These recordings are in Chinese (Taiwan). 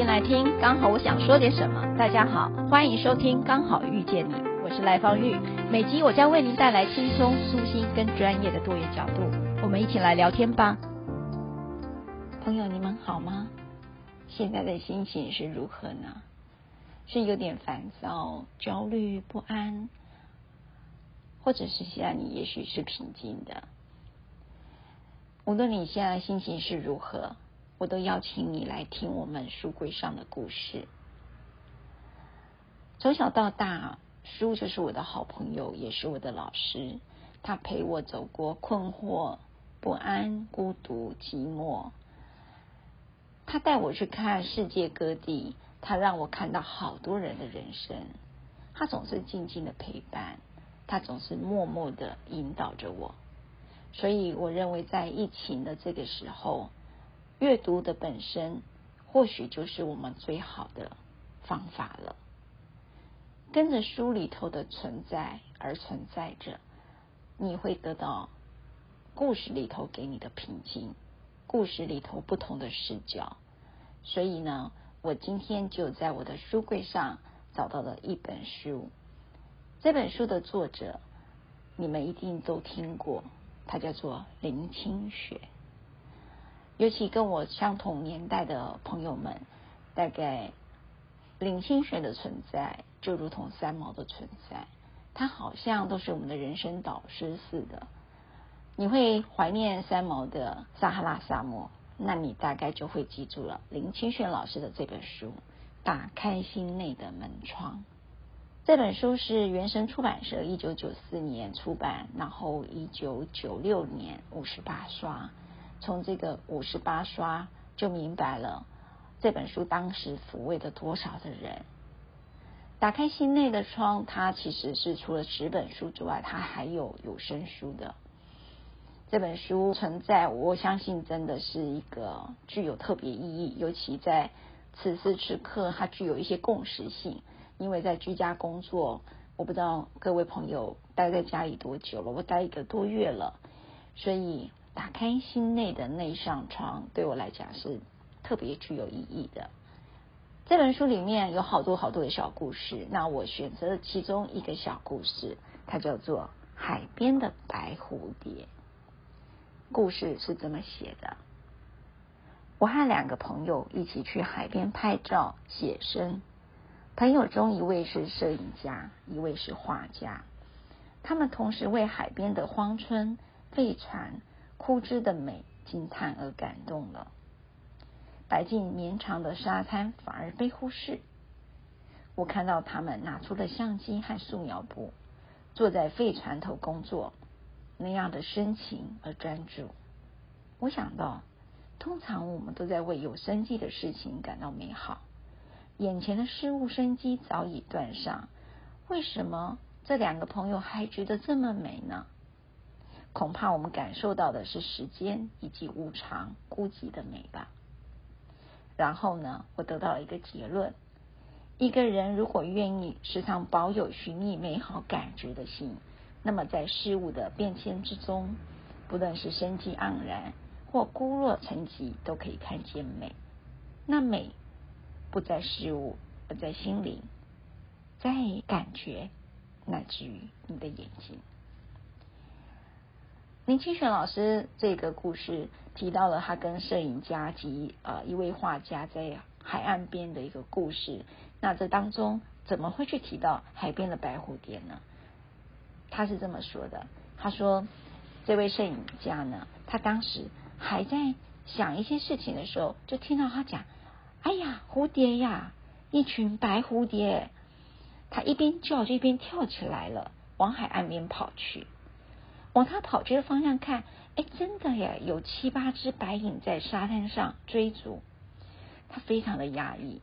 進來聽，剛好我想說點什麼。大家好，歡迎收聽《剛好遇見你》，我是賴芳玉。每集我將為您帶來輕鬆、舒心、跟專業的多元角度。我們一起來聊天吧，朋友，你們好嗎？現在的心情是如何呢？是有點煩躁、焦慮、不安，或者是現在你也許是平靜的？無論你現在心情是如何。我都邀請你來聽我們書櫃上的故事。從小到大，書就是我的好朋友，也是我的老師。他陪我走過困惑、不安、孤獨、寂寞。他帶我去看世界各地，他讓我看到好多人的人生。他總是靜靜的陪伴，他總是默默的引導着我。所以，我認為在疫情的這個時候，閱讀的本身，或許就是我們最好的方法了。跟着書裡頭的存在而存在着，你會得到故事裡頭給你的平靜，故事裡頭不同的視角。所以呢，我今天就在我的書櫃上找到了一本書。這本書的作者，你們一定都聽過，他叫做林清玄。尤其跟我相同年代的朋友們，大概林清玄的存在就如同三毛的存在，他好像都是我們的人生導師似的。你會懷念三毛的《撒哈拉沙漠》，那你大概就會記住了林清玄老師的這本書《打開心內的門窗》。這本書是圓神出版社一九九四年出版，然後一九九六年五十八刷。從這個五十八刷就明白了，這本書當時撫慰了多少的人。打開心內的窗，它其實是除了紙本書之外，它還有有聲書的。這本書存在，我相信真的是一個具有特別意義，尤其在此時此刻，它具有一些共時性。因為在居家工作，我不知道各位朋友待在家裡多久了，我待一個多月了，所以。打開心內的那扇窗，對我來講是特別具有意義的。這本書裡面有好多好多的小故事，那我選擇了其中一個小故事，它叫做《海邊的白蝴蝶》。故事是這麼寫的：我和兩個朋友一起去海邊拍照寫生，朋友中一位是攝影家，一位是畫家，他們同時為海邊的荒村廢船。枯枝的美，驚嘆而感動了。白淨綿長的沙灘反而被忽視。我看到他們拿出了相機和素描簿，坐在廢船頭工作，那樣的深情而專注。我想到，通常我們都在為有生機的事情感到美好，眼前的事物生機早已斷上，為什麼這兩個朋友還覺得這麼美呢？恐怕我們感受到的是時間以及無常孤寂的美吧。然後呢，我得到了一個結論：一個人如果願意時常保有尋覓美好感覺的心，那麼在事物的變遷之中，不論是生機盎然或枯落沉寂，都可以看見美。那美不在事物，而在心靈，在感覺，乃至於你的眼睛。林清玄老師這個故事提到了他跟攝影家及呃一位畫家在海岸邊的一個故事。那這當中怎麼會去提到海邊的白蝴蝶呢？他是這麼說的：他說，這位攝影家呢，他當時還在想一些事情的時候，就聽到他講：“哎呀，蝴蝶呀，一群白蝴蝶。”他一邊叫就一邊跳起來了，往海岸邊跑去。往他跑去的方向看，哎，真的耶，有七八隻白影在沙灘上追逐。他非常的壓抑。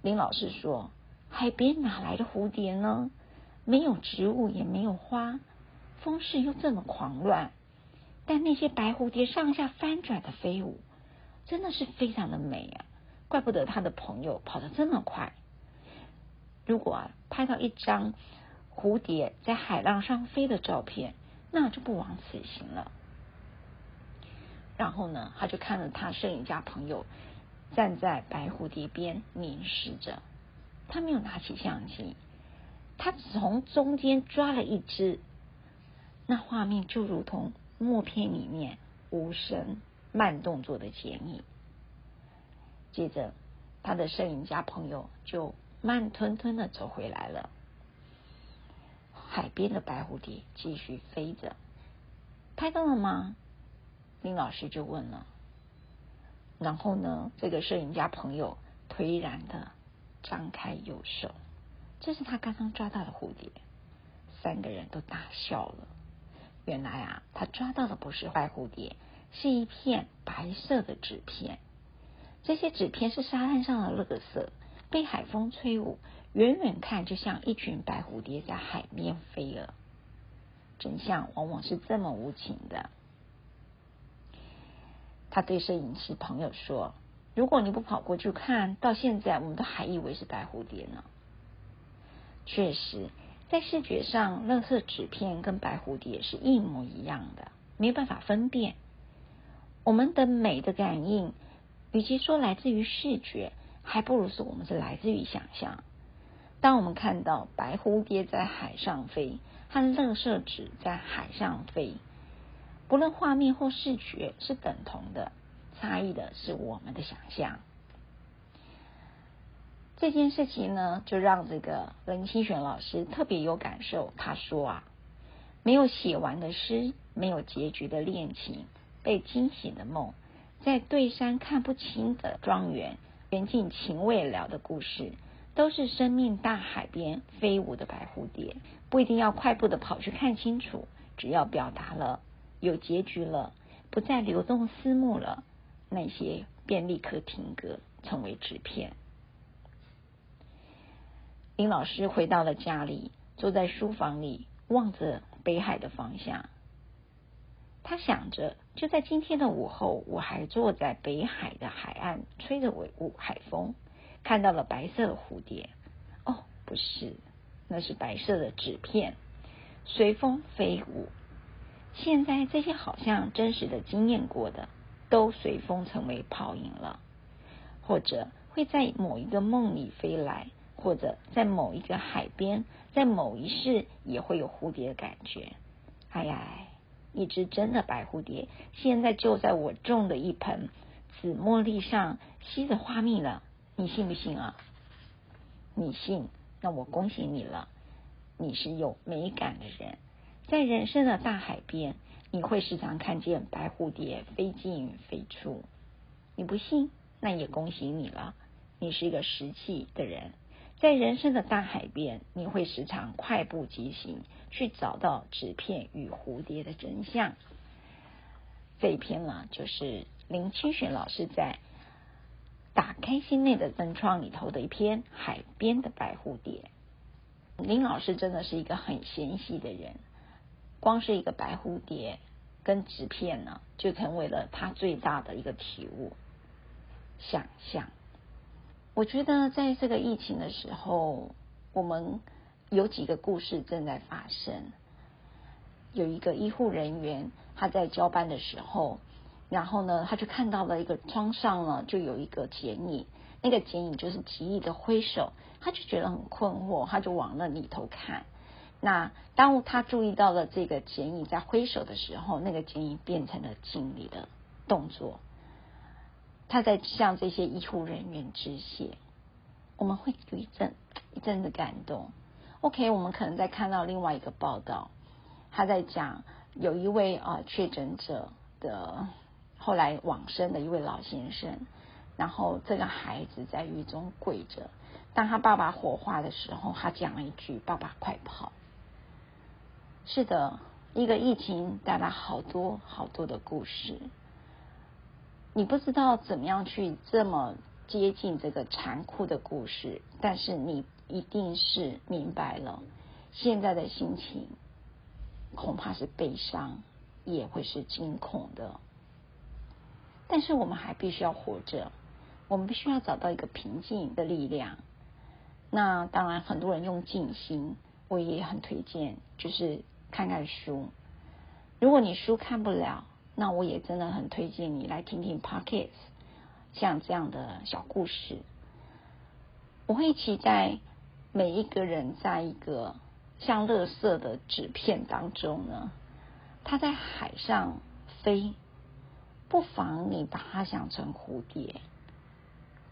林老師說：“海邊哪來的蝴蝶呢？沒有植物，也沒有花，風勢又這麼狂亂。但那些白蝴蝶上下翻轉的飛舞，真的是非常的美啊！怪不得他的朋友跑得這麼快。如果啊，拍到一張蝴蝶在海浪上飛的照片。”那就不枉此行了。然後呢，他就看着他攝影家朋友站在白蝴蝶邊凝視着，他沒有拿起相機，他從中間抓了一隻，那畫面就如同默片裡面無聲慢動作的剪影。接着，他的攝影家朋友就慢吞吞的走回來了。海邊的白蝴蝶繼續飛着，拍到了嗎？林老師就問了。然後呢，這個攝影家朋友頹然的張開右手，這是他剛剛抓到的蝴蝶。三個人都大笑了。原來啊，他抓到的不是白蝴蝶，是一片白色的紙片。這些紙片是沙灘上的垃圾，被海風吹舞。遠遠看就像一群白蝴蝶在海面飛蛾，真相往往是這麼無情的。他對攝影師朋友說：“如果你不跑過去看，到現在，我們都還以為是白蝴蝶呢。”確實，在視覺上，垃圾紙片跟白蝴蝶是一模一樣的，沒辦法分辨。我們的美的感應，與其說來自於視覺，還不如說我們是來自於想象。當我們看到白蝴蝶在海上飛，和垃圾紙在海上飛，不論畫面或視覺是等同的，差異的是我們的想象。這件事情呢，就讓這個林清玄老師特別有感受。他說啊，沒有寫完的詩，沒有結局的戀情，被驚醒的夢，在對山看不清的莊園，緣盡情未了的故事。都是生命大海邊飛舞的白蝴蝶，不一定要快步的跑去看清楚，只要表達了，有結局了，不再流動思慕了，那些便立刻停格，成為紙片。林老師回到了家裡，坐在書房裡，望着北海的方向。他想着，就在今天的午後，我還坐在北海的海岸，吹着微霧海風。看到了白色的蝴蝶，哦，不是，那是白色的紙片，隨風飛舞。現在這些好像真實的經驗過的，都隨風成為泡影了。或者會在某一個夢裡飛來，或者在某一個海邊，在某一世也會有蝴蝶的感覺。哎呀，一隻真的白蝴蝶，現在就在我種的一盆紫茉莉上吸着花蜜呢。你信不信啊？你信，那我恭喜你了，你是有美感的人，在人生的大海邊，你會時常看見白蝴蝶飛進飛出。你不信，那也恭喜你了，你是一個實際的人，在人生的大海邊，你會時常快步疾行，去找到紙片與蝴蝶的真相。這一篇呢，就是林清玄老師在。打開心內的門窗裡頭的一篇《海邊的白蝴蝶》，林老師真的是一個很纖細的人，光是一個白蝴蝶跟紙片呢，就成為了他最大的一個體悟。想象，我覺得在這個疫情的時候，我們有幾個故事正在發生，有一個醫護人員他在交班的時候。然後呢，他就看到了一個窗上了，就有一個剪影，那個剪影就是極力的揮手，他就覺得很困惑，他就往那裡頭看。那當他注意到了這個剪影在揮手的時候，那個剪影變成了敬禮的動作，他在向這些醫護人員致謝。我們會有一陣一陣的感動。OK，我們可能在看到另外一個報道，他在講有一位啊、呃、確診者的。後來往生的一位老先生，然後這個孩子在雨中跪着。當他爸爸火化的時候，他講了一句：“爸爸，快跑！”是的，一個疫情帶來好多好多的故事。你不知道怎麼樣去這麼接近這個殘酷的故事，但是你一定是明白了。現在的心情恐怕是悲傷，也會是驚恐的。但是我們還必須要活着，我們必須要找到一個平靜的力量。那當然，很多人用靜心，我也很推薦，就是看看書。如果你書看不了，那我也真的很推薦你來聽聽 Podcast，像這樣的小故事。我會期待每一個人在一個像垃圾的紙片當中呢，他在海上飛。不妨你把它想成蝴蝶，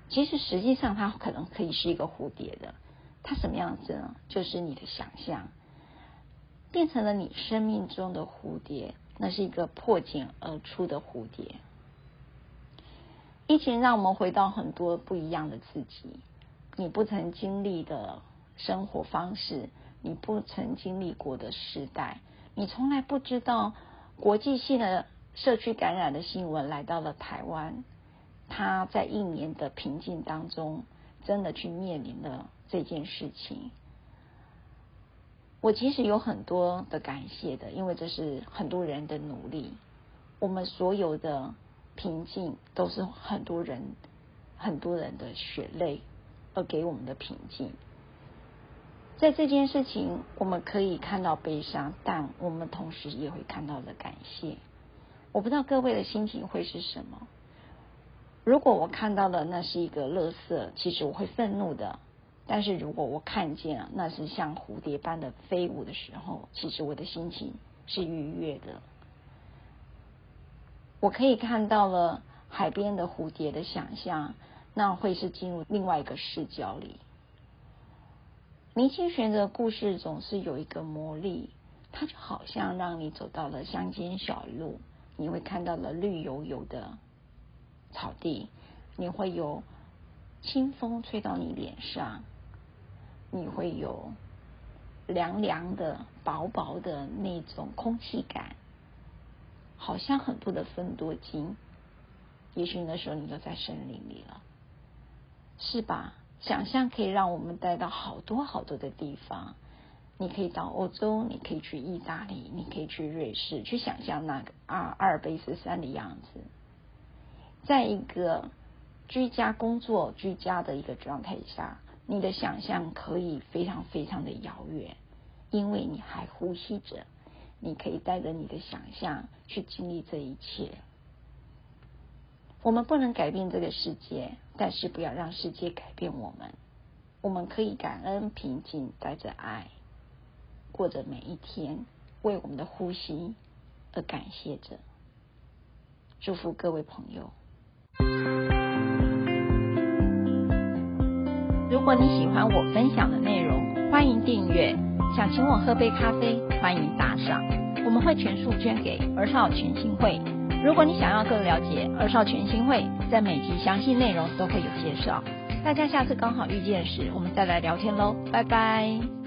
其實實際上它可能可以是一個蝴蝶的，它什麼樣子呢？就是你的想象變成了你生命中的蝴蝶，那是一個破繭而出的蝴蝶。疫情讓我們回到很多不一樣的自己，你不曾經歷的生活方式，你不曾經歷過的時代，你從來不知道國際性的。社區感染的新聞來到了台灣，他在一年的平靜當中，真的去面臨了這件事情。我其實有很多的感謝的，因為這是很多人的努力，我們所有的平靜都是很多人、很多人的血淚而給我們的平靜。在這件事情，我們可以看到悲傷，但我們同時也會看到了感謝。我不知道各位的心情會是什麼。如果我看到了那是一個垃圾，其實我會憤怒的；但是如果我看見了那是像蝴蝶般的飛舞的時候，其實我的心情是愉悅的。我可以看到了海邊的蝴蝶的想象，那會是進入另外一個視角裡。林清玄的故事總是有一個魔力，它就好像讓你走到了鄉間小路。你會看到了綠油油的草地，你會有清風吹到你臉上，你會有涼涼的、薄薄的那種空氣感，好像很多的芬多精。也許那時候你都在森林裡了，是吧？想象可以讓我們帶到好多好多的地方。你可以到歐洲，你可以去意大利，你可以去瑞士，去想象那個阿爾卑斯山的樣子。在一個居家工作、居家的一個狀態下，你的想象可以非常非常的遙遠，因為你還呼吸着。你可以帶着你的想象去經歷這一切。我們不能改變這個世界，但是不要讓世界改變我們。我們可以感恩、平靜、帶着愛。過着每一天，為我們的呼吸而感謝着，祝福各位朋友。如果你喜歡我分享的內容，歡迎訂閱。想請我喝杯咖啡，歡迎打賞，我們會全數捐給兒少權心會。如果你想要更了解兒少權心會，在每集詳細內容都會有介紹。大家下次剛好遇見時，我們再來聊天嘍，拜拜。